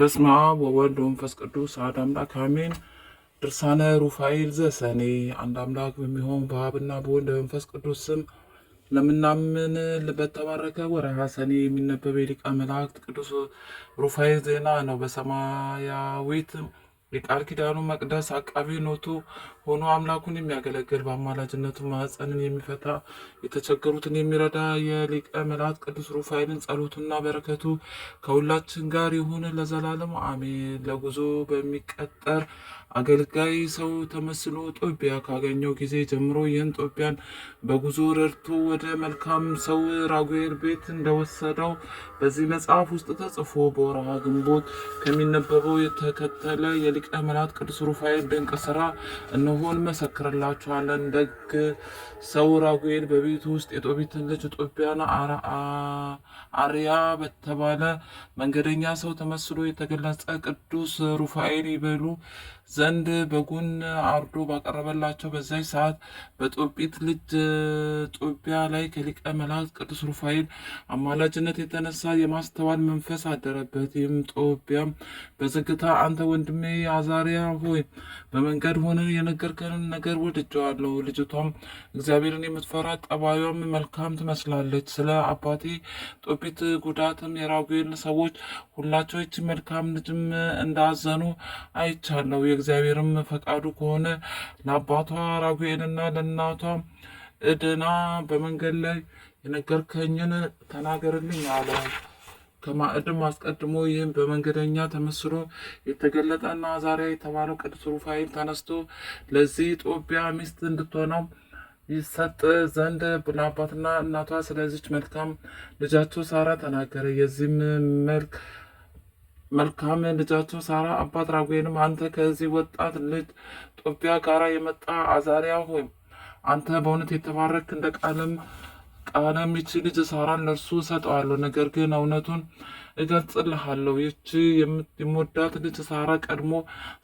በስመ አብ ወወልድ ወመንፈስ ቅዱስ አሐዱ አምላክ አሜን። ድርሳነ ሩፋኤል ዘሰኔ። አንድ አምላክ በሚሆን በአብና በወልድ በመንፈስ ቅዱስ ስም ለምናምን በተባረከ ወርሃ ሰኔ የሚነበብ የሊቀ መላእክት ቅዱስ ሩፋኤል ዜና ነው። በሰማያዊት የቃል ኪዳኑ መቅደስ አቃቤ ኖቱ ሆኖ አምላኩን የሚያገለግል በአማላጅነቱ ማኅፀንን የሚፈታ የተቸገሩትን የሚረዳ የሊቀ መላእክት ቅዱስ ሩፋኤልን ጸሎቱና በረከቱ ከሁላችን ጋር ይሁን ለዘላለም አሜን። ለጉዞ በሚቀጠር አገልጋይ ሰው ተመስሎ ጦቢያ ካገኘው ጊዜ ጀምሮ ይህን ጦቢያን በጉዞ ረድቶ ወደ መልካም ሰው ራጉኤል ቤት እንደወሰደው በዚህ መጽሐፍ ውስጥ ተጽፎ በወርሃ ግንቦት ከሚነበበው የተከተለ የሊቀ መላእክት ቅዱስ ሩፋኤል ድንቅ ስራ እነሆን እንመሰክርላችኋለን። ደግ ሰው ራጉኤል በቤቱ ውስጥ የጦቢትን ልጅ ጦቢያን አርያ በተባለ መንገደኛ ሰው ተመስሎ የተገለጸ ቅዱስ ሩፋኤል ይበሉ ዘንድ በጉን አርዶ ባቀረበላቸው በዛች ሰዓት በጦቢት ልጅ ጦቢያ ላይ ከሊቀ መላእክት ቅዱስ ሩፋኤል አማላጅነት የተነሳ የማስተዋል መንፈስ አደረበት። ይህም ጦቢያ በዝግታ አንተ ወንድሜ አዛሪያ ሆይ በመንገድ ሆነ የነገርከንን ነገር ወድጀዋለሁ። ልጅቷም እግዚአብሔርን የምትፈራ ጠባዩም መልካም ትመስላለች። ስለ አባቴ ጦቢት ጉዳትም የራጉኤል ሰዎች ሁላቸው ይህች መልካም ልጅም እንዳዘኑ አይቻለሁ። እግዚአብሔርም ፈቃዱ ከሆነ ለአባቷ ራጉኤልና ለእናቷ እድና በመንገድ ላይ የነገርከኝን ተናገርልኝ አለ። ከማዕድም አስቀድሞ ይህም በመንገደኛ ተመስሎ የተገለጠና ዛሬ የተባለው ቅዱስ ሩፋኤል ተነስቶ ለዚህ ጦቢያ ሚስት እንድትሆነው ይሰጥ ዘንድ ለአባትና እናቷ ስለዚች መልካም ልጃቸው ሳራ ተናገረ። የዚህም መልክ መልካም ልጃቸው ሳራ አባት ራጉኤልም አንተ ከዚህ ወጣት ልጅ ጦቢያ ጋር የመጣ አዛሪያ ሆይ አንተ በእውነት የተባረክ እንደ ቃለም ቃለም ይቺ ልጅ ሳራን ለእርሱ ሰጠዋለሁ። ነገር ግን እውነቱን እገልጽልሃለሁ። ይቺ የምወዳት ልጅ ሳራ ቀድሞ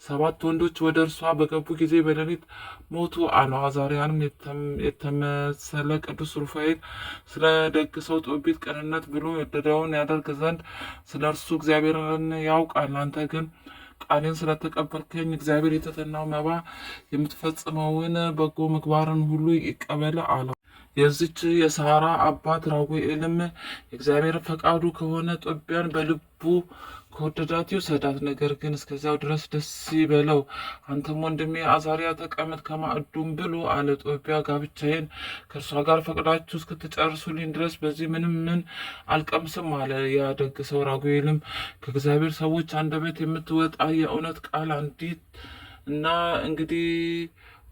ሰባት ወንዶች ወደ እርሷ በገቡ ጊዜ በሌሊት ሞቱ አለው። አዛርያንም የተመሰለ ቅዱስ ሩፋኤል ስለ ደግ ሰው ትውፊት፣ ቅንነት ብሎ የወደደውን ያደርግ ዘንድ ስለ እርሱ እግዚአብሔርን ያውቃል። አንተ ግን ቃሌን ስለተቀበልከኝ እግዚአብሔር የተተናው መባ የምትፈጽመውን በጎ ምግባርን ሁሉ ይቀበል አለው። የዚች የሳራ አባት ራጉኤልም የእግዚአብሔር ፈቃዱ ከሆነ ጦቢያን በልቡ ከወደዳት ይውሰዳት፣ ነገር ግን እስከዚያው ድረስ ደስ ይበለው። አንተም ወንድሜ አዛሪያ ተቀመጥ ከማዕዱም ብሎ አለ። ጦቢያ ጋብቻዬን ከእርሷ ጋር ፈቅዳችሁ እስክትጨርሱልኝ ድረስ በዚህ ምንም ምን አልቀምስም አለ። ያ ደግ ሰው ራጉኤልም ከእግዚአብሔር ሰዎች አንደበት የምትወጣ የእውነት ቃል አንዲት እና እንግዲህ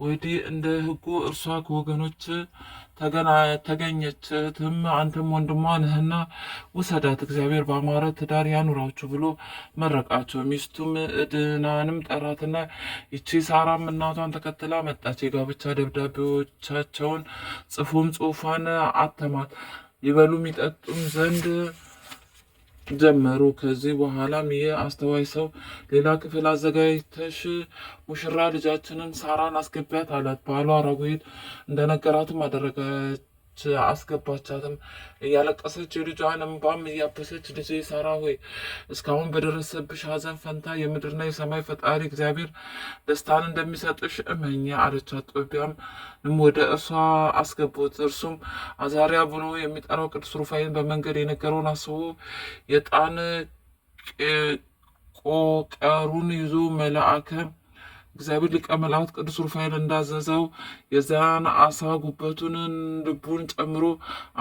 ወዲህ እንደ ሕጉ እርሷ ከወገኖች ተገኘች። እህትም አንተም ወንድሟ ነህና ውሰዳት፣ እግዚአብሔር በአማረ ትዳር ያኑራችሁ ብሎ መረቃቸው። ሚስቱም እድናንም ጠራትና ይቺ ሳራም እናቷን ተከትላ መጣች። የጋብቻ ደብዳቤዎቻቸውን ጽፉም ጽሁፏን አተማት ይበሉም ይጠጡም ዘንድ ጀመሩ። ከዚህ በኋላም ይህ አስተዋይ ሰው ሌላ ክፍል አዘጋጅተሽ ሙሽራ ልጃችንን ሳራን አስገቢያት አላት። ባሏ ራጉኤል እንደነገራትም አደረጋ። አስገባቻትም። እያለቀሰች የልጇን እንባም እያበሰች ልጄ ሳራ ሆይ እስካሁን በደረሰብሽ ሀዘን ፈንታ የምድርና የሰማይ ፈጣሪ እግዚአብሔር ደስታን እንደሚሰጥሽ እመኛ አለቻት። ጦቢያም ወደ እርሷ አስገቡት። እርሱም አዛሪያ ብሎ የሚጠራው ቅዱስ ሩፋይን በመንገድ የነገረውን አስቦ የጣን ቆቀሩን ይዞ መልአከ እግዚአብሔር ሊቀ መላእክት ቅዱስ ሩፋኤል እንዳዘዘው የዚያን አሳ ጉበቱን ልቡን ጨምሮ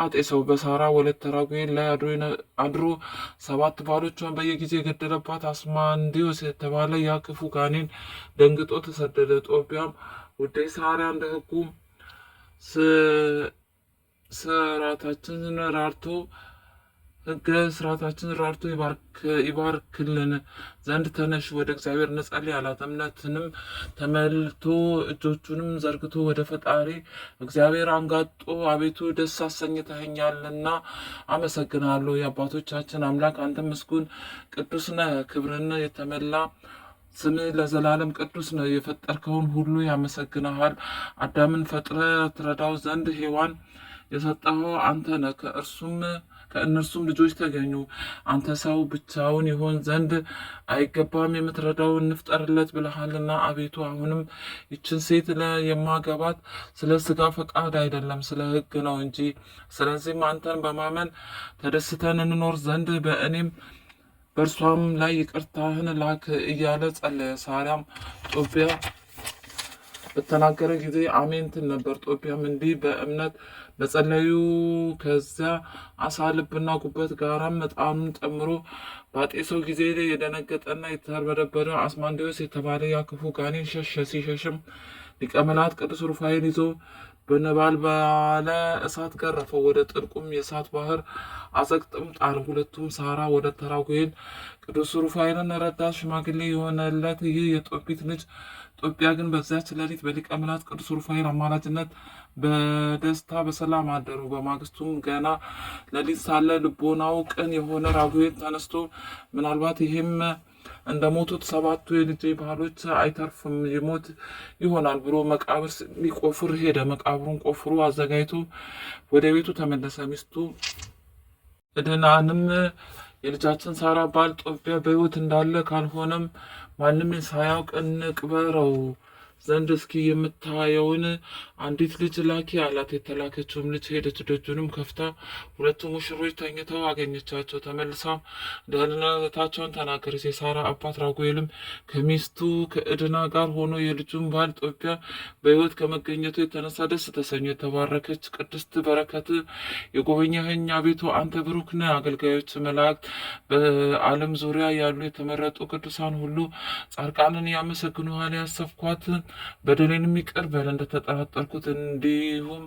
አጤሰው። በሳራ ወለተ ራጉኤል ላይ አድሮ ሰባት ባሎቿን በየጊዜ የገደለባት አስማንዲዮስ የተባለ ያ ክፉ ጋኔን ደንግጦ ተሰደደ። ጦቢያም ወደ ሳሪያ እንደ ሕጉ ስራታችን ራርቶ ሕገ ስርዓታችን ራርቶ ይባርክልን ዘንድ ተነሽ ወደ እግዚአብሔር ነጸል ያላት እምነትንም ተመልቶ እጆቹንም ዘርግቶ ወደ ፈጣሪ እግዚአብሔር አንጋጦ አቤቱ ደስ አሰኝተኸኛልና አመሰግናለሁ። የአባቶቻችን አምላክ አንተ ምስጉን ቅዱስ ነህ፣ ክብርን የተመላ ስም ለዘላለም ቅዱስ ነው። የፈጠርከውን ሁሉ ያመሰግንሃል። አዳምን ፈጥረ ትረዳው ዘንድ ሔዋን የሰጠኸው አንተ ነህ። ከእርሱም ከእነርሱም ልጆች ተገኙ። አንተ ሰው ብቻውን ይሆን ዘንድ አይገባም፣ የምትረዳው እንፍጠርለት ብለሃልና። አቤቱ አሁንም ይችን ሴት የማገባት ስለ ስጋ ፈቃድ አይደለም፣ ስለ ሕግ ነው እንጂ። ስለዚህም አንተን በማመን ተደስተን እንኖር ዘንድ በእኔም በእርሷም ላይ ይቅርታህን ላክ እያለ ጸለየ። ሳሪያም ጦቢያ በተናገረ ጊዜ አሜን ትል ነበር። ጦቢያም እንዲህ በእምነት በጸለዩ ከዚያ አሳ ልብና ጉበት ጋራም መጣኑን ጨምሮ ባጤሰው ጊዜ የደነገጠና የተርበደበደ አስማንዲዎስ የተባለ ያክፉ ጋኔን ሸሸ። ሲሸሽም ሊቀ መላእክት ቅዱስ ሩፋኤል ይዞ በነባል ባለ እሳት ገረፈው፣ ወደ ጥልቁም የእሳት ባህር አዘቅጥም ጣል። ሁለቱም ሳራ ወደ ተራጉኤል ቅዱስ ሩፋኤልን ረዳት ሽማግሌ የሆነለት ይህ የጦቢት ልጅ ኢትዮጵያ ግን በዚያች ሌሊት በሊቀ ካህናት ቅዱስ ሩፋኤል አማላጅነት በደስታ በሰላም አደሩ። በማግስቱም ገና ሌሊት ሳለ ልቦናው ቅን የሆነ ራጉኤል ተነስቶ ምናልባት ይህም እንደ ሞቱት ሰባቱ የልጄ ባህሎች አይተርፍም ይሞት ይሆናል ብሎ መቃብር ሊቆፍር ሄደ። መቃብሩን ቆፍሮ አዘጋጅቶ ወደ ቤቱ ተመለሰ። ሚስቱ እድናንም የልጃችን ሳራ ባል ጦቢያ በህይወት እንዳለ ካልሆነም ማንም ሳያውቅ እንቅበረው ዘንድ እስኪ የምታየውን አንዲት ልጅ ላኪ አላት። የተላከችውም ልጅ ሄደች፣ ደጁንም ከፍታ ሁለቱ ሙሽሮች ተኝተው አገኘቻቸው። ተመልሳም ደህንነታቸውን ተናገረች። የሳራ አባት ራጉኤልም ከሚስቱ ከእድና ጋር ሆኖ የልጁን ባል ጦቢያ በሕይወት ከመገኘቱ የተነሳ ደስ ተሰኙ። የተባረከች ቅድስት በረከት የጎበኛህኛ ቤቱ አንተ ብሩክ ነህ። አገልጋዮች መላእክት፣ በዓለም ዙሪያ ያሉ የተመረጡ ቅዱሳን ሁሉ ጻድቃንን ያመሰግኑሃል። ያሰብኳትን በደሌንም ይቅር በል እንደተጠራጠርኩት እንዲሁም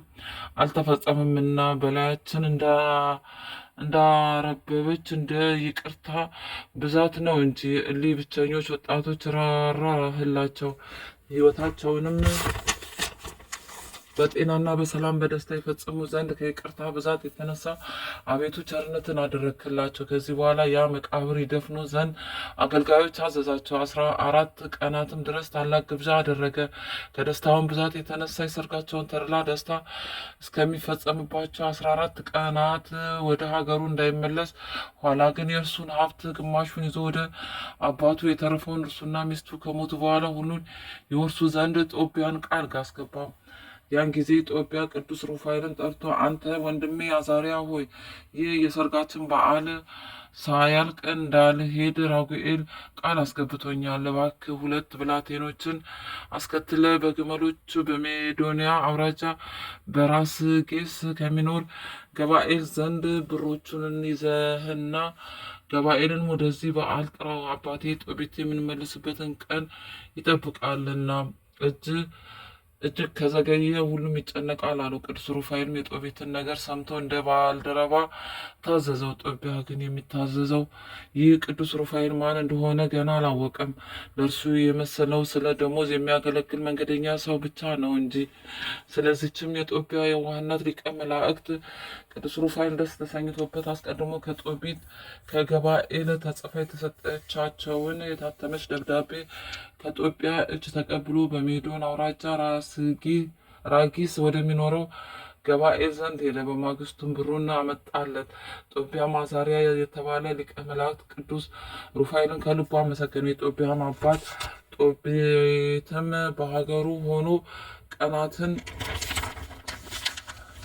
አልተፈጸምምና በላያችን እንዳረገበች እንደ ይቅርታ ብዛት ነው እንጂ እሊ ብቸኞች ወጣቶች ራራህላቸው ህይወታቸውንም በጤናና በሰላም በደስታ ይፈጽሙ ዘንድ ከይቅርታ ብዛት የተነሳ አቤቱ ቸርነትን አደረክላቸው። ከዚህ በኋላ ያ መቃብር ይደፍኑ ዘንድ አገልጋዮች አዘዛቸው። አስራ አራት ቀናትም ድረስ ታላቅ ግብዣ አደረገ። ከደስታውን ብዛት የተነሳ የሰርጋቸውን ተድላ ደስታ እስከሚፈጸምባቸው አስራ አራት ቀናት ወደ ሀገሩ እንዳይመለስ፣ ኋላ ግን የእርሱን ሀብት ግማሹን ይዞ ወደ አባቱ የተረፈውን እርሱና ሚስቱ ከሞቱ በኋላ ሁሉን ይወርሱ ዘንድ ጦቢያን ቃል አስገባም። ያን ጊዜ ኢትዮጵያ ቅዱስ ሩፋኤልን ጠርቶ አንተ ወንድሜ አዛሪያ ሆይ ይህ የሰርጋችን በዓል ሳያልቅ እንዳልሄድ ራጉኤል ቃል አስገብቶኛል። እባክህ ሁለት ብላቴኖችን አስከትለ በግመሎቹ በሜዶንያ አውራጃ በራስ ጌስ ከሚኖር ገባኤል ዘንድ ብሮቹን ይዘህና ገባኤልን ወደዚህ በዓል ጥራው። አባቴ ጦቢት የምንመልስበትን ቀን ይጠብቃልና እጅ እጅግ ከዘገየ ሁሉም ይጨነቃል አለው። ቅዱስ ሩፋኤልም የጦቢትን ነገር ሰምቶ እንደ ባልደረባ ታዘዘው። ጦቢያ ግን የሚታዘዘው ይህ ቅዱስ ሩፋኤል ማን እንደሆነ ገና አላወቀም። ለእርሱ የመሰለው ስለ ደሞዝ የሚያገለግል መንገደኛ ሰው ብቻ ነው እንጂ። ስለዚችም የጦቢያ የዋህነት ሊቀ መላእክት ቅዱስ ሩፋኤል ደስ ተሰኝቶበት አስቀድሞ ከጦቢት ከገባኤል ተጽፋ የተሰጠቻቸውን የታተመች ደብዳቤ ከጦቢያ እጅ ተቀብሎ በሜዶን አውራጃ ራጊስ ወደሚኖረው ገባኤል ዘንድ ሄደ። በማግስቱም ብሩና አመጣለት። ጦቢያ ማዛሪያ የተባለ ሊቀ መላእክት ቅዱስ ሩፋኤልን ከልቡ አመሰገነ። የጦቢያ አባት ጦቢትም በሀገሩ ሆኖ ቀናትን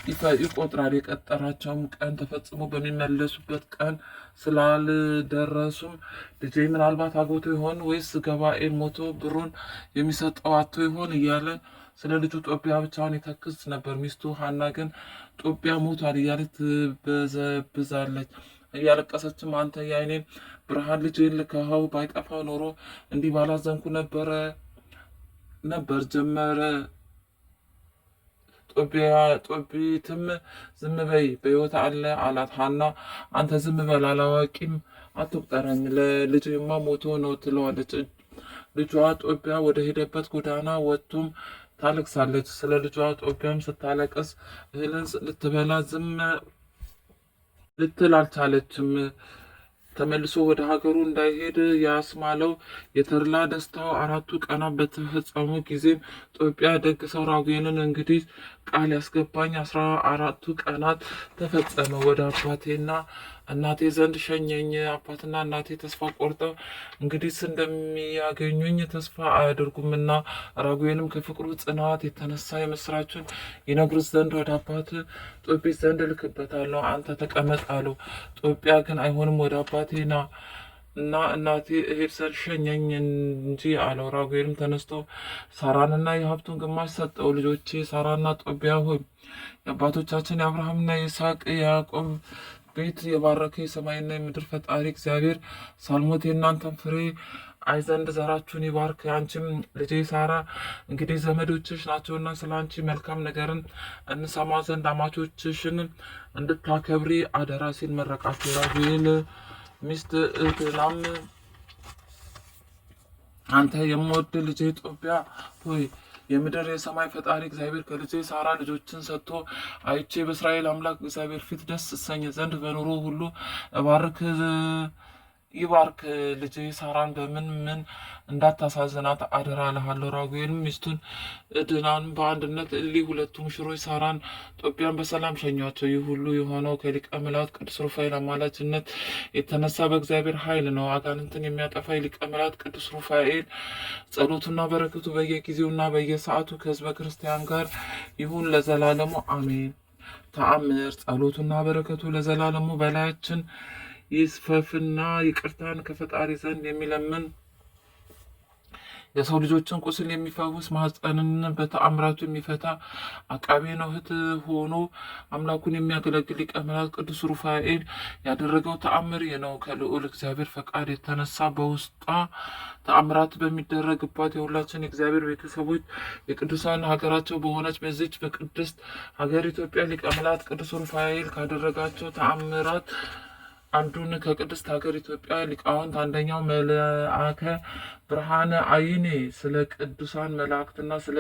ይፋ ይቆጥራል። የቀጠራቸውም ቀን ተፈጽሞ በሚመለሱበት ቀን ስላልደረሱም ልጄ ምናልባት አግብቶ ይሆን ወይስ ገባኤል ሞቶ ብሩን የሚሰጠው አቶ ይሆን እያለ ስለ ልጁ ጦቢያ ብቻውን የተክስ ነበር። ሚስቱ ሀና ግን ጦቢያ ሞቷል እያለ ትበዘብዛለች። እያለቀሰችም አንተ የዓይኔ ብርሃን ልጄን ልከኸው ባይጠፋ ኖሮ እንዲህ ባላዘንኩ ነበረ ነበር ጀመረ ጦቢትም ዝም በይ በሕይወት አለ አላት። ሐና አንተ ዝም በል አላዋቂም አትቁጠረኝ፣ ለልጅማ ሞቶ ነው ትለዋለች። ልጇ ጦቢያ ወደ ሄደበት ጎዳና ወጥቶም ታለቅሳለች። ስለ ልጇ ጦቢያም ስታለቀስ እህልን ልትበላ ዝም ልትል አልቻለችም። ተመልሶ ወደ ሀገሩ እንዳይሄድ ያስማለው የተድላ ደስታው አራቱ ቀናት በተፈጸሙ ጊዜም ጦቢያ ደግ ሰው እንግዲህ ቃል ያስገባኝ አስራ አራቱ ቀናት ተፈጸመ። ወደ አባቴና እናቴ ዘንድ ሸኘኝ። አባትና እናቴ ተስፋ ቆርጠው እንግዲህ እንደሚያገኙኝ ተስፋ አያደርጉምና ራጉዌንም ከፍቅሩ ጽናት የተነሳ የምስራችን ይነግሩት ዘንድ ወደ አባት ጦቢት ዘንድ እልክበታለሁ። አንተ ተቀመጥ አለው። ጦቢያ ግን አይሆንም፣ ወደ አባቴ እና እናቴ እሄድ ስል ሸኘኝ እንጂ አለው። ራጉኤልም ተነስቶ ሳራንና የሀብቱን ግማሽ ሰጠው። ልጆቼ ሳራና ጦቢያ ሆይ የአባቶቻችን የአብርሃምና የይስሐቅ የያዕቆብ ቤት የባረከ የሰማይና የምድር ፈጣሪ እግዚአብሔር ሳልሞት የእናንተን ፍሬ አይ ዘንድ ዘራችሁን ይባርክ። አንቺም ልጄ ሳራ እንግዲህ ዘመዶችሽ ናቸውና ስለ አንቺ መልካም ነገርን እንሰማ ዘንድ አማቾችሽን እንድታከብሪ አደራ ሲል መረቃቸው ራጉኤል ሚስት እህት አንተ የምወድ ኢትዮጵያ ሆይ የምድር የሰማይ ፈጣሪ እግዚአብሔር ከልጄ ሳራ ልጆችን ሰጥቶ አይቼ በእስራኤል አምላክ እግዚአብሔር ፊት ደስ እሰኝ ዘንድ በኑሮ ሁሉ እባርክ ይባርክ ልጅ ሳራን በምን ምን እንዳታሳዝናት አደራ ልሃለሁ። ራጉኤል ሚስቱን እድናን በአንድነት እሊ ሁለቱ ሙሽሮች ሳራን ኢትዮጵያን በሰላም ሸኟቸው። ይህ ሁሉ የሆነው ከሊቀ መላእክት ቅዱስ ሩፋኤል አማላጅነት የተነሳ በእግዚአብሔር ኃይል ነው። አጋንንትን የሚያጠፋ የሊቀ መላእክት ቅዱስ ሩፋኤል ጸሎቱና በረከቱ በየጊዜውና በየሰዓቱ ከህዝበ ክርስቲያን ጋር ይሁን ለዘላለሙ አሜን። ተአምር ጸሎቱና በረከቱ ለዘላለሙ በላያችን ይስፈፍና ይቅርታን ከፈጣሪ ዘንድ የሚለምን የሰው ልጆችን ቁስል የሚፈውስ ማህፀንን በተአምራቱ የሚፈታ አቃቤ ነውህት ሆኖ አምላኩን የሚያገለግል ሊቀ መላእክት ቅዱስ ሩፋኤል ያደረገው ተአምር ነው። ከልዑል እግዚአብሔር ፈቃድ የተነሳ በውስጣ ተአምራት በሚደረግባት የሁላችን እግዚአብሔር ቤተሰቦች የቅዱሳን ሀገራቸው በሆነች በዚች በቅድስት ሀገር ኢትዮጵያ ሊቀ መላእክት ቅዱስ ሩፋኤል ካደረጋቸው ተአምራት አንዱን ከቅድስት ሀገር ኢትዮጵያ ሊቃውንት አንደኛው መልአከ ብርሃነ አይኔ ስለ ቅዱሳን መላእክትና ስለ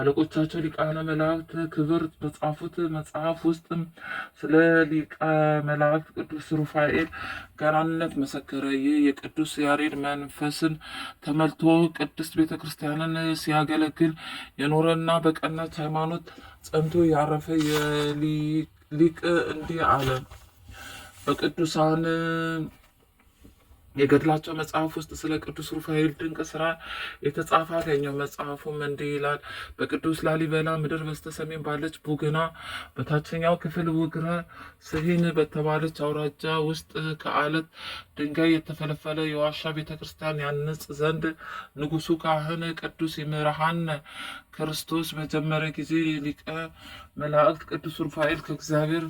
አለቆቻቸው ሊቃነ መላእክት ክብር በጻፉት መጽሐፍ ውስጥ ስለ ሊቀ መላእክት ቅዱስ ሩፋኤል ገናንነት መሰከረ። ይህ የቅዱስ ያሬድ መንፈስን ተሞልቶ ቅድስት ቤተ ክርስቲያንን ሲያገለግል የኖረና በቀናች ሃይማኖት ጸንቶ ያረፈ የሊቅ እንዲህ አለ። በቅዱሳን የገድላቸው መጽሐፍ ውስጥ ስለ ቅዱስ ሩፋኤል ድንቅ ስራ የተጻፈ አገኘው። መጽሐፉም እንዲህ ይላል። በቅዱስ ላሊበላ ምድር በስተሰሜን ባለች ቡግና በታችኛው ክፍል ውግረ ስሂን በተባለች አውራጃ ውስጥ ከአለት ድንጋይ የተፈለፈለ የዋሻ ቤተ ክርስቲያን ያንጽ ዘንድ ንጉሱ ካህን ቅዱስ ይምርሃን ክርስቶስ በጀመረ ጊዜ ሊቀ መላእክት ቅዱስ ሩፋኤል ከእግዚአብሔር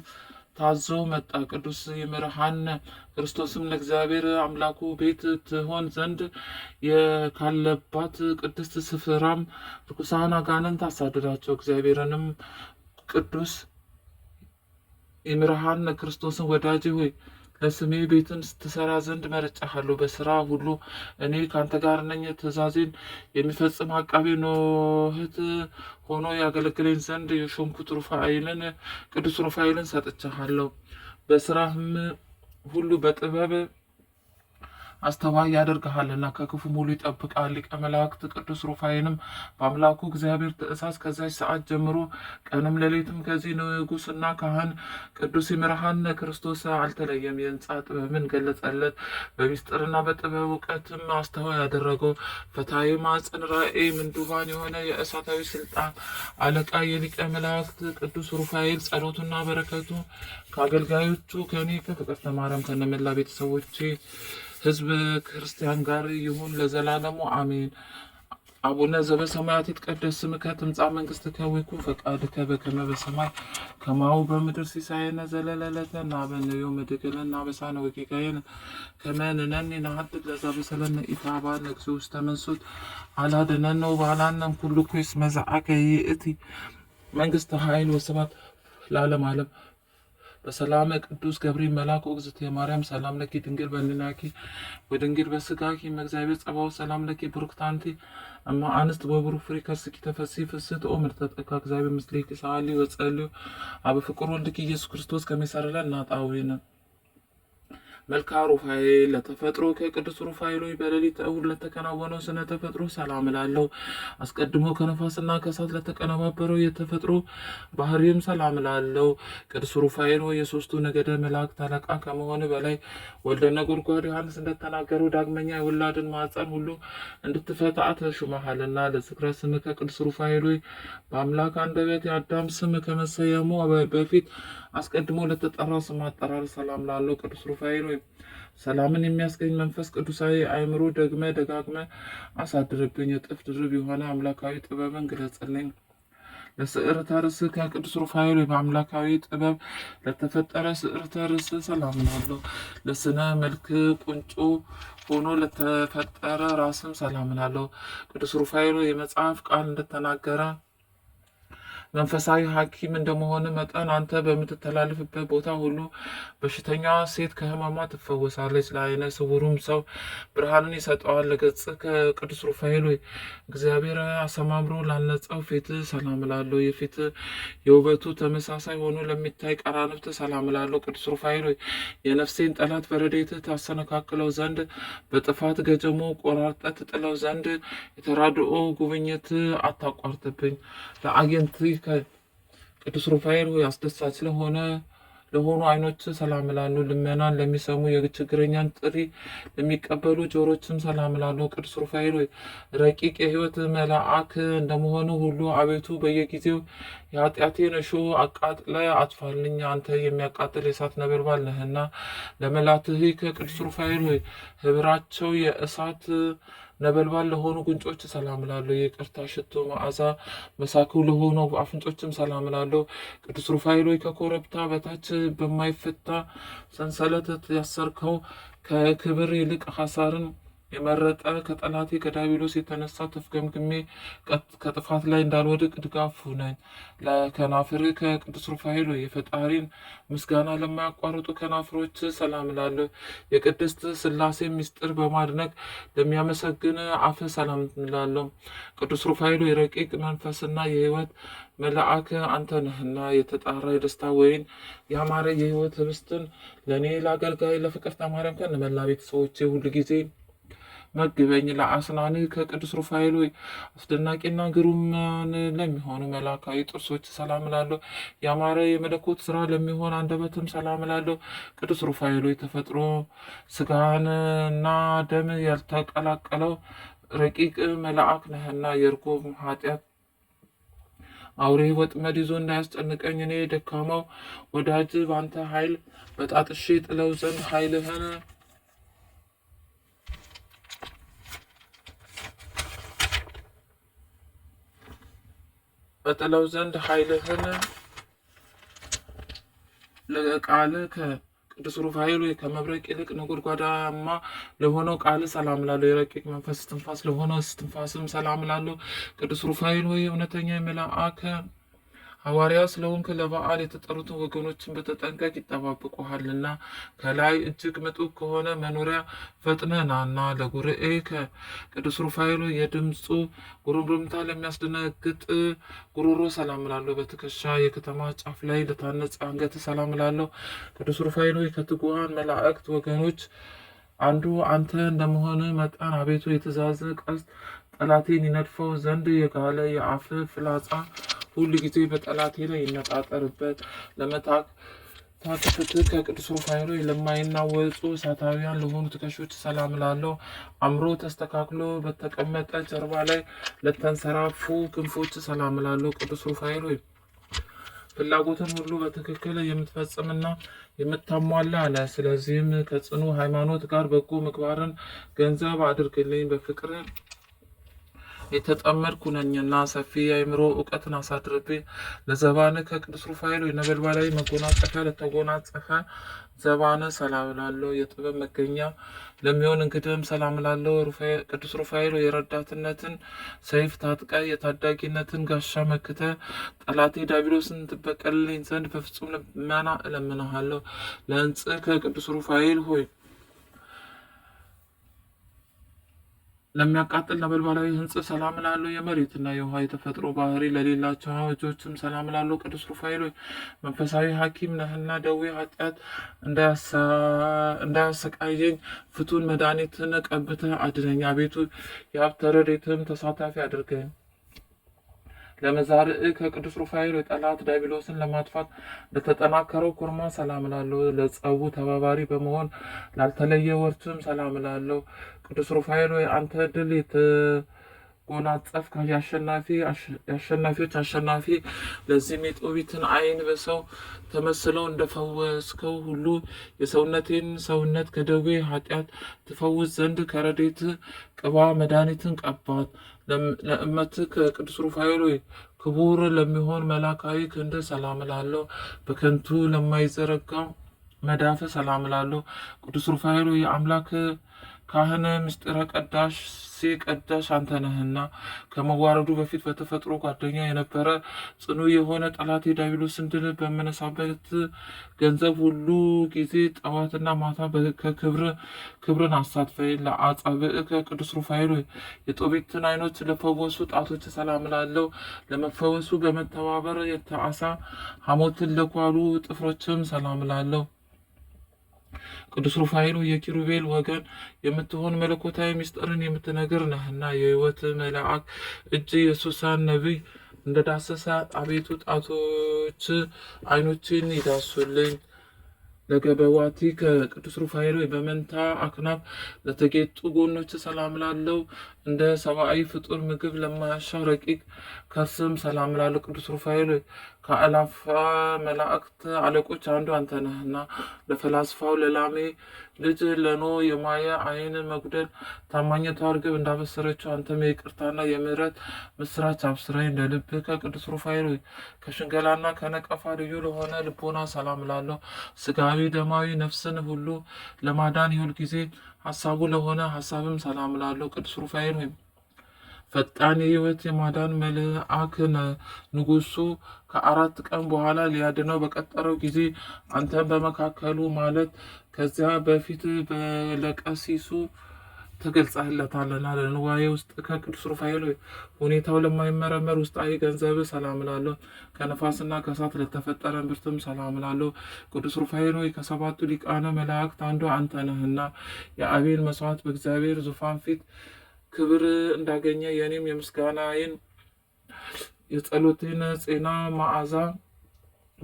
ታዞ መጣ። ቅዱስ ይምርሃን። ክርስቶስም ለእግዚአብሔር አምላኩ ቤት ትሆን ዘንድ ካለባት ቅድስት ስፍራም ርኩሳን አጋንንት አሳደዳቸው። እግዚአብሔርንም ቅዱስ ይምርሃን ክርስቶስን ወዳጅ ሆይ ለስሜ ቤትን ስትሰራ ዘንድ መርጫሃለሁ። በስራ ሁሉ እኔ ከአንተ ጋር ነኝ። ትእዛዜን የሚፈጽም አቃቤ ኖህት ሆኖ ያገለግለኝ ዘንድ የሾምኩት ሩፋኤልን ቅዱስ ሩፋኤልን ሰጥቻሃለሁ። በስራህም ሁሉ በጥበብ አስተዋይ ያደርግሃልና ከክፉ ሙሉ ይጠብቃል። ሊቀ መላእክት ቅዱስ ሩፋኤልም በአምላኩ እግዚአብሔር ትእዛዝ ከዛች ሰዓት ጀምሮ ቀንም ሌሊትም ከዚህ ንጉሥና ካህን ቅዱስ ይምርሃነ ክርስቶስ አልተለየም። የህንፃ ጥበብን ገለጸለት። በሚስጥርና በጥበብ እውቀትም አስተዋይ ያደረገው ፈታዊ ማጽን ራእይ ምንዱባን የሆነ የእሳታዊ ስልጣን አለቃ የሊቀ መላእክት ቅዱስ ሩፋኤል ጸሎቱና በረከቱ ከአገልጋዮቹ ከኔ ከፍቅርተ ማርያም ከነመላ ቤተሰቦቼ ህዝብ ክርስቲያን ጋር ይሁን ለዘላለሙ አሜን። አቡነ ዘበሰማያት ይትቀደስ ስምከ ትምጻእ መንግሥትከ ወይኩን ፈቃድከ በከመ በሰማይ ከማሁ በምድር ሲሳየነ ዘለለዕለትነ ሀበነ ዮም ወኅድግነ አበሳነ ወጌጋየነ ከመ ንሕነኒ ንሐድግ ለዘበሰለነ ኢታብአነ እግዚኦ ውስተ መንሱት አላድኅነነ ወባልሐነ እምኩሉ ኩይስ መዓዛከ ይእቲ መንግሥተ ኃይል ወስብሐት ለዓለመ ዓለም በሰላመ ቅዱስ ገብርኤል መልአክ እግዝእት የማርያም ሰላም ለኪ ድንግል በልናኪ ወድንግል በስጋኪ መእግዚአብሔር ጸባው ሰላም ለኪ ብሩክት አንቲ እማ አንስት ወብሩክ ፍሬ ከርስኪ ተፈሲ ፍስት ኦ ምልዕተ ጸጋ እግዚአብሔር ምስሌኪ ሰዓሊ ወጸልዩ አብ ፍቁር ወልድኪ ኢየሱስ ክርስቶስ ከመ ይሳረላል ናጣዊነ መልክዓ ሩፋኤል ለተፈጥሮ ከቅዱስ ሩፋኤል ሆይ በሌሊት እሑድ ለተከናወነው ስነ ተፈጥሮ ሰላም እላለሁ። አስቀድሞ ከነፋስና ከእሳት ለተቀነባበረው የተፈጥሮ ባህሪም ሰላም እላለሁ። ቅዱስ ሩፋኤል ሆይ የሶስቱ ነገደ መላእክት አለቃ ከመሆን በላይ ወልደ ነጎድጓድ ዮሐንስ እንደተናገረው ዳግመኛ የወላድን ማኅፀን ሁሉ እንድትፈታ ተሹመሃልና ለዝክረ ስምከ ቅዱስ ሩፋኤል ሆይ በአምላክ አንደበት የአዳም ስም ከመሰየሙ በፊት አስቀድሞ ለተጠራው ስም አጠራር ሰላም እላለሁ። ቅዱስ ሩፋኤል ሆይ ሰላምን የሚያስገኝ መንፈስ ቅዱሳዊ አእምሮ ደግመ ደጋግመ አሳድርብኝ። እጥፍ ድርብ የሆነ አምላካዊ ጥበብን ግለጽልኝ። ለስዕርተ ርስ ከቅዱስ ሩፋኤል በአምላካዊ ጥበብ ለተፈጠረ ስዕርተ ርስ ሰላም ናለሁ። ለስነ መልክ ቁንጮ ሆኖ ለተፈጠረ ራስም ሰላም ናለሁ። ቅዱስ ሩፋኤል የመጽሐፍ ቃል እንደተናገረ መንፈሳዊ ሐኪም እንደመሆን መጠን አንተ በምትተላለፍበት ቦታ ሁሉ በሽተኛዋ ሴት ከህመሟ ትፈወሳለች። ለአይነ ስውሩም ሰው ብርሃንን ይሰጠዋል። ለገጽ ቅዱስ ሩፋኤል ወይ እግዚአብሔር አሰማምሮ ላልነጸው ፊት ሰላም ላለው የፊት የውበቱ ተመሳሳይ ሆኖ ለሚታይ ቀራንብት ሰላም ላለው ቅዱስ ሩፋኤል ወይ የነፍሴን ጠላት በረዴት ታሰነካክለው ዘንድ በጥፋት ገጀሞ ቆራርጠ ጥለው ዘንድ የተራድኦ ጉብኝት አታቋርጥብኝ ለአጌንቲ በዚህ ከቅዱስ ሩፋኤል ሆይ አስደሳች ስለሆነ ለሆኑ አይኖች ሰላም ላሉ፣ ልመናን ለሚሰሙ፣ የችግረኛን ጥሪ ለሚቀበሉ ጆሮችም ሰላም ላሉ። ቅዱስ ሩፋኤል ሆይ ረቂቅ የሕይወት መልአክ እንደመሆኑ ሁሉ አቤቱ በየጊዜው የኃጢአቴን እሾህ አቃጥለ አጥፋልኝ። አንተ የሚያቃጥል የእሳት ነበልባል ነህና። ለመላትህ ከቅዱስ ሩፋኤል ሆይ ህብራቸው የእሳት ነበልባል ለሆኑ ጉንጮች ሰላም ላለው የቅርታ ሽቶ መዓዛ መሳክው ለሆኑ አፍንጮችም ሰላም ቅዱስ ሩፋኤል ሆይ ከኮረብታ በታች በማይፈታ ሰንሰለት ያሰርከው ከክብር ይልቅ ሐሳርን የመረጠ ከጠላቴ ከዳቢሎስ የተነሳ ተፍገምግሜ ከጥፋት ላይ እንዳልወድቅ ድጋፍ ሁነኝ። ለከናፍርህ ከቅዱስ ሩፋኤል የፈጣሪን ምስጋና ለማያቋርጡ ከናፍሮች ሰላም እላለሁ። የቅድስት ስላሴ ምስጢር በማድነቅ ለሚያመሰግን አፈ ሰላም እላለሁ። ቅዱስ ሩፋኤል የረቂቅ መንፈስና የህይወት መልአክ አንተ ነህና የተጣራ የደስታ ወይን ያማረ የህይወት ህብስትን ለእኔ ለአገልጋይ ለፍቅርተ ማርያም ከን መላ ቤተሰቦቼ ሁሉ ጊዜ መግበኝ ለአስናን ከቅዱስ ሩፋኤል ወይ አስደናቂና ግሩማን ለሚሆኑ መላካዊ ጥርሶች ሰላም ላለሁ። ያማረ የመለኮት ስራ ለሚሆን አንደበትም ሰላም ላለሁ። ቅዱስ ሩፋኤል ወይ ተፈጥሮ ስጋንና ደም ያልተቀላቀለው ረቂቅ መልአክ ነህና የርጎብ ኃጢአት አውሬ ወጥመድ ይዞ እንዳያስጨንቀኝ እኔ ደካማው ወዳጅ በአንተ ኃይል በጣጥሽ ጥለው ዘንድ ኃይልህን እጥለው ዘንድ ኃይልህን ለቃል ከቅዱስ ሩፋኤል ወይ ከመብረቅ ይልቅ ነጎድጓዳማ ለሆነው ቃል ሰላም ላለው የረቂቅ መንፈስ ትንፋስ ለሆነው ትንፋስም ሰላም ላለው ቅዱስ ሩፋኤል ወይ እውነተኛ የመላአከ ሐዋርያ ስለሆንክ ለበዓል የተጠሩትን ወገኖችን በተጠንቀቅ ይጠባብቁሃልና ከላይ እጅግ ምጡቅ ከሆነ መኖሪያ ፈጥነና ለጉርኤ ከቅዱስ ሩፋኤል የድምፁ ጉርምርምታ ለሚያስደነግጥ ጉሮሮ ሰላም እላለሁ። በትከሻ የከተማ ጫፍ ላይ ለታነጸ አንገት ሰላም እላለሁ። ቅዱስ ሩፋኤል ከትጉሃን መላእክት ወገኖች አንዱ አንተ እንደመሆነ መጠን አቤቱ የትእዛዝ ቀስት ጠላቴን ይነድፈው ዘንድ የጋለ የአፍ ፍላጻ ሁሉ ጊዜ በጠላቴ ላይ ይነጣጠርበት ለመታክ ታክፍትህ ከቅዱስ ሩፋኤል ለማይናወጹ እሳታውያን ለሆኑ ትከሾች ሰላም ላለው አእምሮ ተስተካክሎ በተቀመጠ ጀርባ ላይ ለተንሰራፉ ክንፎች ሰላም ላለው ቅዱስ ሩፋኤል ፍላጎትን ሁሉ በትክክል የምትፈጽምና የምታሟላ አለ። ስለዚህም ከጽኑ ሃይማኖት ጋር በጎ ምግባርን ገንዘብ አድርግልኝ በፍቅር የተጠመድኩ ነኝና ሰፊ የአእምሮ እውቀትን አሳድርቤ ለዘባነ ከቅዱስ ሩፋኤል የነበልባላዊ መጎናጸፊያ ለተጎናጸፈ ዘባነ ሰላም ላለው የጥበብ መገኛ ለሚሆን እንግዲህም ሰላም ላለው ቅዱስ ሩፋኤል የረዳትነትን ሰይፍ ታጥቀ የታዳጊነትን ጋሻ መክተ ጠላቴ ዳቢሎስን ትበቀልልኝ ዘንድ በፍጹም ልመና እለምንሃለሁ። ለእንጽ ከቅዱስ ሩፋኤል ሆይ ለሚያቃጥል ነበልባላዊ ህንጽ ሰላም ላሉ የመሬትና የውሃ የተፈጥሮ ባህሪ ለሌላቸው ሀዋጆችም ሰላም ላሉ ቅዱስ ሩፋኤል መንፈሳዊ ሐኪም ነህና ደዌ ኃጢአት እንዳያሰቃየኝ ፍቱን መድኃኒትን ቀብተ አድነኝ። አቤቱ የሀብተ ረድኤትም ተሳታፊ አድርገኝ። ለመዛርዕ ከቅዱስ ሩፋኤል የጠላት ዲያብሎስን ለማጥፋት ለተጠናከረው ኩርማ ሰላም ላለው ለጸቡ ተባባሪ በመሆን ላልተለየ ወርቱም ሰላም ላለው ቅዱስ ሩፋኤል ወይ አንተ ድል የተጎናጸፍክ አሸናፊ የአሸናፊዎች አሸናፊ ለዚህም የጦቢትን አይን በሰው ተመስለው እንደፈወስከው ሁሉ የሰውነቴን ሰውነት ከደዌ ኃጢአት ትፈውስ ዘንድ ከረዴት ቅባ መድኃኒትን ቀባት። ለእመት ቅዱስ ሩፋኤል ወይ ክቡር ለሚሆን መላካዊ ክንድ ሰላም ላለው በከንቱ ለማይዘረጋው መዳፍ ሰላም ላለው ቅዱስ ሩፋኤል ወይ አምላክ ካህነ ምስጢረ ቀዳሽ ሴ ቀዳሽ አንተ ነህና ከመዋረዱ በፊት በተፈጥሮ ጓደኛ የነበረ ጽኑ የሆነ ጠላት ዲያብሎስን ድል በምነሳበት ገንዘብ ሁሉ ጊዜ ጠዋትና ማታ ከክብር ክብርን አሳትፈይ ለአጻብዕከ ቅዱስ ሩፋኤል የጦቢትን አይኖች ለፈወሱ ጣቶች ሰላም ላለው ለመፈወሱ በመተባበር የተአሳ ሐሞትን ለኳሉ ጥፍሮችም ሰላም ላለው ቅዱስ ሩፋኤል የኪሩቤል ወገን የምትሆን መለኮታዊ ሚስጥርን የምትነግር ነህና የሕይወት መልአክ እጅ የሱሳን ነቢይ እንደዳሰሰ አቤቱ ጣቶች አይኖችን ይዳሱልኝ። ለገበዋቲ ከቅዱስ ሩፋኤል በመንታ አክናፍ ለተጌጡ ጎኖች ሰላም ላለው እንደ ሰብአዊ ፍጡር ምግብ ለማያሻው ረቂቅ ከስም ሰላም ላለው ቅዱስ ሩፋኤል ከአላፋ መላእክት አለቆች አንዱ አንተ ነህና ለፈላስፋው ለላሜ ልጅ ለኖ የማያ አይን መጉደል ታማኝቷ እርግብ እንዳበሰረችው አንተም የይቅርታና የምሕረት ምስራች አብስራይ እንደ ከቅዱስ ሩፋኤል ከሽንገላና ከነቀፋ ልዩ ለሆነ ልቦና ሰላም ላለው ስጋዊ ደማዊ ነፍስን ሁሉ ለማዳን ይሁል ጊዜ ሀሳቡ ለሆነ ሀሳብም ሰላም ላለው ቅዱስ ሩፋኤል ፈጣን የህይወት የማዳን መልአክን ንጉሱ ከአራት ቀን በኋላ ሊያድነው በቀጠረው ጊዜ አንተን በመካከሉ ማለት ከዚያ በፊት በለቀሲሱ ትገልጻለታለና ለንዋዬ ውስጥ ከቅዱስ ሩፋኤል ሁኔታው ለማይመረመር ውስጣዊ ገንዘብ ሰላም ላለሁ ከነፋስና ከእሳት ለተፈጠረ ብርትም ሰላም ላለሁ። ቅዱስ ሩፋኤል ሆይ ከሰባቱ ሊቃነ መላእክት አንዱ አንተ ነህና የአቤል መስዋዕት በእግዚአብሔር ዙፋን ፊት ክብር እንዳገኘ የእኔም የምስጋናዬን የጸሎቴን ጽና መዓዛ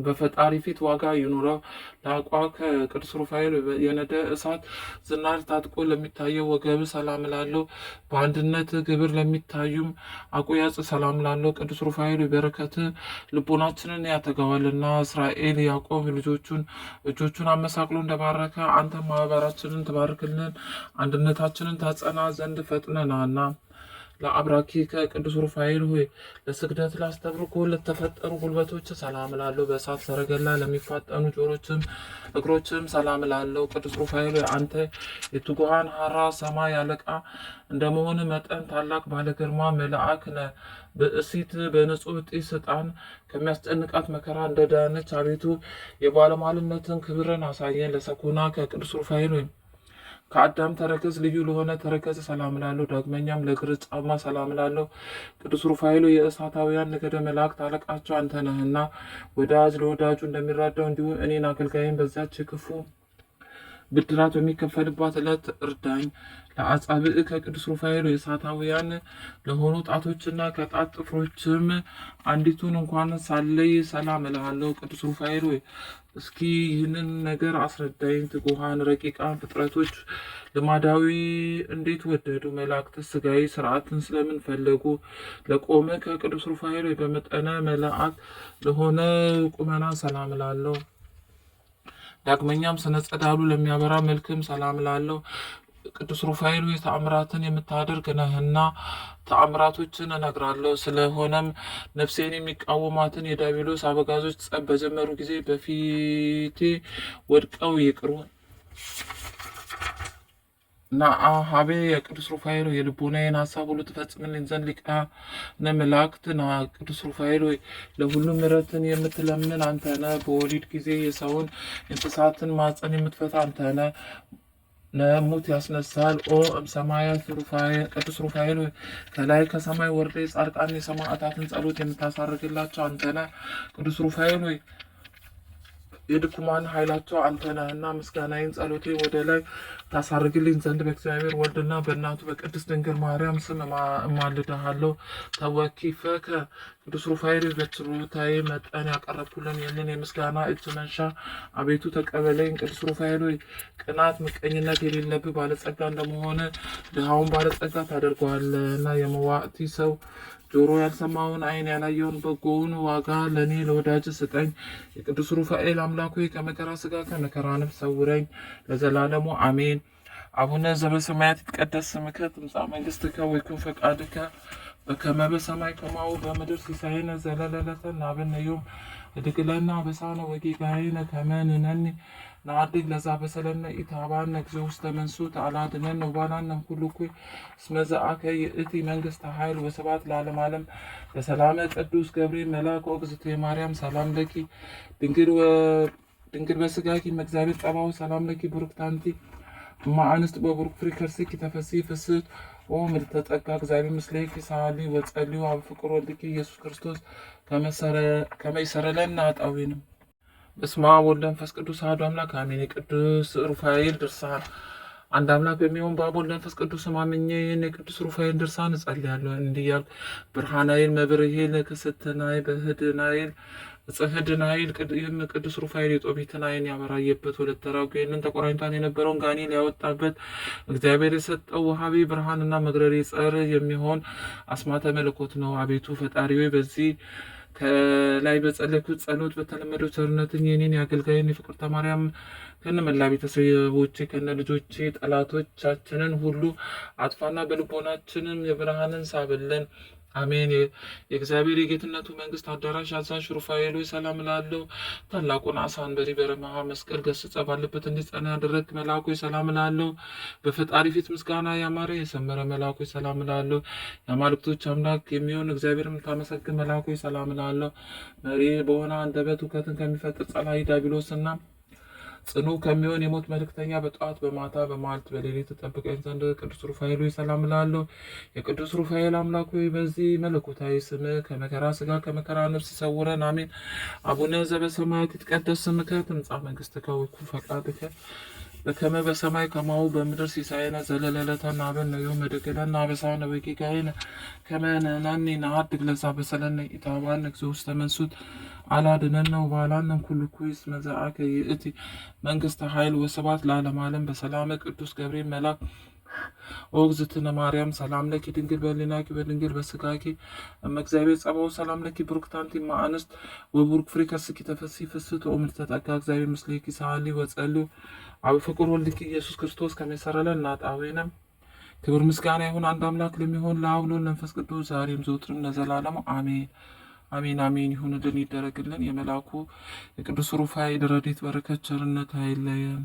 በፈጣሪ ፊት ዋጋ ይኑረው። ለአቋ ከቅዱስ ሩፋኤል የነደ እሳት ዝናር ታጥቆ ለሚታየው ወገብ ሰላም ላለው በአንድነት ግብር ለሚታዩም አቁያጽ ሰላም ላለው ቅዱስ ሩፋኤል በረከት ልቦናችንን ያተጋዋልና እስራኤል ያዕቆብ ልጆቹን እጆቹን አመሳቅሎ እንደባረከ አንተ ማህበራችንን ትባርክልን፣ አንድነታችንን ታጸና ዘንድ ፈጥነናና ለአብራኪ ከቅዱስ ሩፋኤል ሆይ ለስግደት ላስተብርኮ ለተፈጠሩ ጉልበቶች ሰላም ላለው በእሳት ሰረገላ ለሚፋጠኑ ጆሮችም እግሮችም ሰላም ላለው ቅዱስ ሩፋኤል አንተ የትጉሃን ሀራ ሰማይ አለቃ እንደመሆን መጠን ታላቅ ባለግርማ መልአክ ነ ብእሲት በንጹህ ጢስ ስጣን ከሚያስጨንቃት መከራ እንደዳነች አቤቱ የባለሟልነትን ክብርን አሳየን። ለሰኮና ከቅዱስ ሩፋኤል ወይም ከአዳም ተረከዝ ልዩ ለሆነ ተረከዝ ሰላም ላለሁ። ዳግመኛም ለግርዝ ጫማ ሰላም ላለሁ። ቅዱስ ሩፋኤሎ የእሳታውያን ነገደ መላእክት አለቃቸው አንተ ነህና ወዳጅ ለወዳጁ እንደሚራዳው እንዲሁ እኔን አገልጋይን በዚያች ክፉ ብድራት በሚከፈልባት ዕለት እርዳኝ። ለአጻብዕ ከቅዱስ ሩፋኤል የእሳታውያን ለሆኑ ጣቶችና ከጣት ጥፍሮችም አንዲቱን እንኳን ሳለይ ሰላም እልሃለሁ። ቅዱስ ሩፋኤል እስኪ ይህንን ነገር አስረዳይን። ትጉሃን ረቂቃን ፍጥረቶች ልማዳዊ እንዴት ወደዱ? መላእክት ስጋዊ ስርዓትን ስለምን ፈለጉ? ለቆመ ከቅዱስ ሩፋኤል በመጠነ መልአክ ለሆነ ቁመና ሰላም እላለሁ። ዳግመኛም ስነ ጸዳሉ ለሚያበራ መልክም ሰላም እላለሁ። ቅዱስ ሩፋኤል ሆይ ተአምራትን የምታደርግ ነህና ተአምራቶችን እነግራለሁ። ስለሆነም ነፍሴን የሚቃወማትን የዳቢሎስ አበጋዞች ጸብ በጀመሩ ጊዜ በፊቴ ወድቀው ይቅሩ። ናአሀቤ የቅዱስ ሩፋኤል ሆይ የልቦናዬን ሀሳብ ሁሉ ትፈጽምልኝ ዘንድ ሊቃነ መላእክት ና ቅዱስ ሩፋኤል ሆይ ለሁሉም ምሕረትን የምትለምን አንተነ በወሊድ ጊዜ የሰውን እንስሳትን ማፀን የምትፈታ አንተነ ነሙት ያስነሳል። ኦ እምሰማያት ሩፋኤል ቅዱስ ሩፋኤል ከላይ ከሰማይ ወርደ ጻድቃን የሰማዕታትን ጸሎት የምታሳርግላቸው አንተነ ቅዱስ ሩፋኤል የድኩማን ኃይላቸው አንተነህና ምስጋናዬን ጸሎቴ ወደ ላይ ታሳርግልኝ ዘንድ በእግዚአብሔር ወልድና በእናቱ በቅድስት ድንግል ማርያም ስም እማልድሃለሁ። ተወኪፈከ ቅዱስ ሩፋኤል በችሮታዬ መጠን ያቀረብኩልን ይህንን የምስጋና እጅ መንሻ አቤቱ ተቀበለኝ። ቅዱስ ሩፋኤል ቅናት፣ ምቀኝነት የሌለብህ ባለጸጋ እንደመሆነ ድሃውን ባለጸጋ እና የመዋዕቲ ሰው ጆሮ ያልሰማውን አይን ያላየውን በጎውን ዋጋ ለእኔ ለወዳጅ ስጠኝ። የቅዱስ ሩፋኤል አምላኩ ከመከራ ስጋ ከመከራ ነፍስ ሰውረኝ ለዘላለሙ አሜን። አቡነ ዘበሰማያት ይትቀደስ ስምከ ትምጻእ መንግሥትከ ወይኩን ፈቃድከ በከመ በሰማይ ከማሁ በምድር ሲሳየነ ዘለለዕለትነ ሀበነ ዮም እድቅለና በሳነ ወጌጋዬነ ከመንነኒ ለዛ በሰለነ ኢታባነ እግዚኦ ውስተ መንሱት አላድነነ ወባላነ እምኩሉ እኩይ እስመ ዘአከየ ይእቲ መንግሥተ ኃይል ወስብሐት ለዓለመ ዓለም። በሰላመ ቅዱስ ገብርኤል መልአከ እግዝእትነ ማርያም ሰላም ለኪ ድንግል በስጋኪ መእግዚአብሔር ጸባኦ ሰላም ለኪ ቡርክት አንቲ እማ አንስት በቡሩክ ፍሬ ከርሥኪ ተፈሥሒ ፍስት ኦ ምልዕተ ጸጋ እግዚአብሔር ምስሌኪ ሳሊ ወጸልዩ አብ ፍቅር ወልድኪ ኢየሱስ ክርስቶስ ከመይሰረ ለና አጣዊንም በስመ አብ ወወልድ ወመንፈስ ቅዱስ አሐዱ አምላክ አሜን። የቅዱስ ሩፋኤል ድርሳን አንድ አምላክ በሚሆን በአብ ወልድ መንፈስ ቅዱስ አምኜ ይህን የቅዱስ ሩፋኤል ድርሳን እጸልያለሁ እንዲህ እያልኩ ብርሃናይል መብርሄል ክስትናይ በህድናይል ጽህድን ኃይል ይህም ቅዱስ ሩፋኤል የጦቢትን አይን ያበራየበት ሁለት ራጉ ይህንን ተቆራኝቷን የነበረውን ጋኔን ያወጣበት እግዚአብሔር የሰጠው ውሃቤ ብርሃንና መግረሪ ጸር የሚሆን አስማተ መለኮት ነው። አቤቱ ፈጣሪ ወይ በዚህ ከላይ በጸለኩት ጸሎት በተለመደው ቸርነትን የኔን የአገልጋይን የፍቅርተ ማርያም ከነ መላ ቤተሰቦቼ ከነ ልጆቼ ጠላቶቻችንን ሁሉ አጥፋና በልቦናችንም የብርሃንን ሳብልን አሜን። የእግዚአብሔር የጌትነቱ መንግስት አዳራሽ አዛዥ ሩፋኤል ሆይ ሰላም ላለው ታላቁን አሳ አንበሪ በረመሃ መስቀል ገስጸ ባለበት እንዲጸና ያደረግ መልአክ ሰላም ላለው በፈጣሪ ፊት ምስጋና ያማረ የሰመረ መልአክ ሰላም ላለው የአማልክቶች አምላክ የሚሆን እግዚአብሔር የምታመሰግን መልአክ ሰላም ላለው መሪ በሆነ አንደበት ውከትን ከሚፈጥር ጸላኢ ዲያብሎስና ጽኑ ከሚሆን የሞት መልእክተኛ በጠዋት በማታ በማልት በሌሊት ተጠብቀን ዘንድ ቅዱስ ሩፋኤል ሰላም የቅዱስ ሩፋኤል አምላኩ በዚህ መለኮታዊ ስም ከመከራ ስጋ ከመከራ ነፍስ ይሰውረን፣ አሜን። አቡነ ዘበሰማያት ይትቀደስ ስምከ ትምጻእ መንግስትከ ወኩን ፈቃድከ በከመ በሰማይ ከማሁ በምድር ሲሳየነ ዘለለዕለትነ ሀበነ ዮም ወኅድግና አበሳነ በጌጋየነ ከመ ንሕነኒ ንአድግ ለዘአበሰለነ ኢታብአነ እግዚኦ ውስተ መንሱት አላድነነ ወባልሐነ ኩሉ ኩይስ መዛአከ ይእቲ መንግሥተ ኃይል ወስብሐት ለዓለመ ዓለም በሰላመ ቅዱስ ገብርኤል መልአክ ኦግዝትነ ማርያም ሰላም ለኪ ድንግል በህሊናኪ በድንግል በስጋኪ እመ እግዚአብሔር ጸባው ሰላም ለኪ ብሩክት አንቲ እም አንስት ወቡሩክ ፍሬ ከርስኪ ተፈሥሒ ፍስሕት ወምልዕተ ጸጋ እግዚአብሔር ምስሌኪ ሰአሊ ወጸልዩ አብ ፍቁር ወልድኪ ኢየሱስ ክርስቶስ ከመሰረለ ይሠረይ ለነ ክብር ምስጋና ይሁን አንድ አምላክ ለሚሆን ለአብ ወወልድ ቅዱስ ዛሬም ዘወትርም ለዘላለሙ አሜን። አሜን አሜን ይሁንልን ይደረግልን። የመላኩ የቅዱስ ሩፋኤል ረድኤት በረከት ቸርነት አይለየም።